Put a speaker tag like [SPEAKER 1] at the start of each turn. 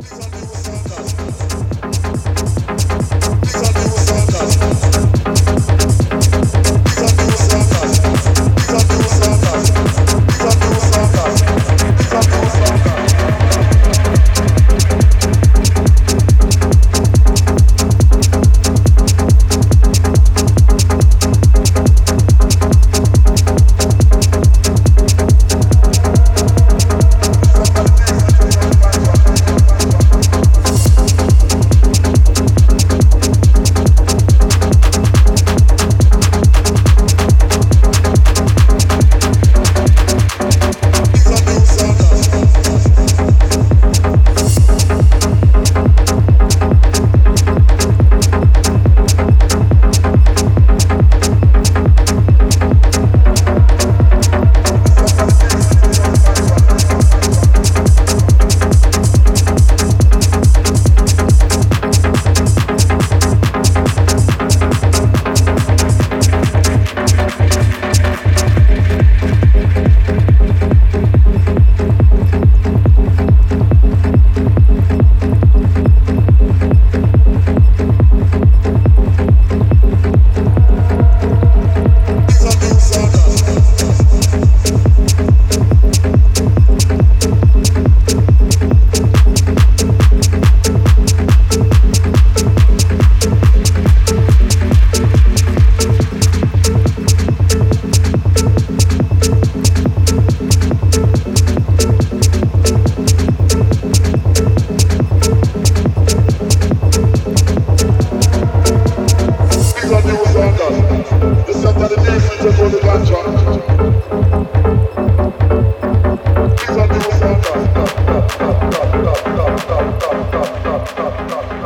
[SPEAKER 1] Sunday. Thank you.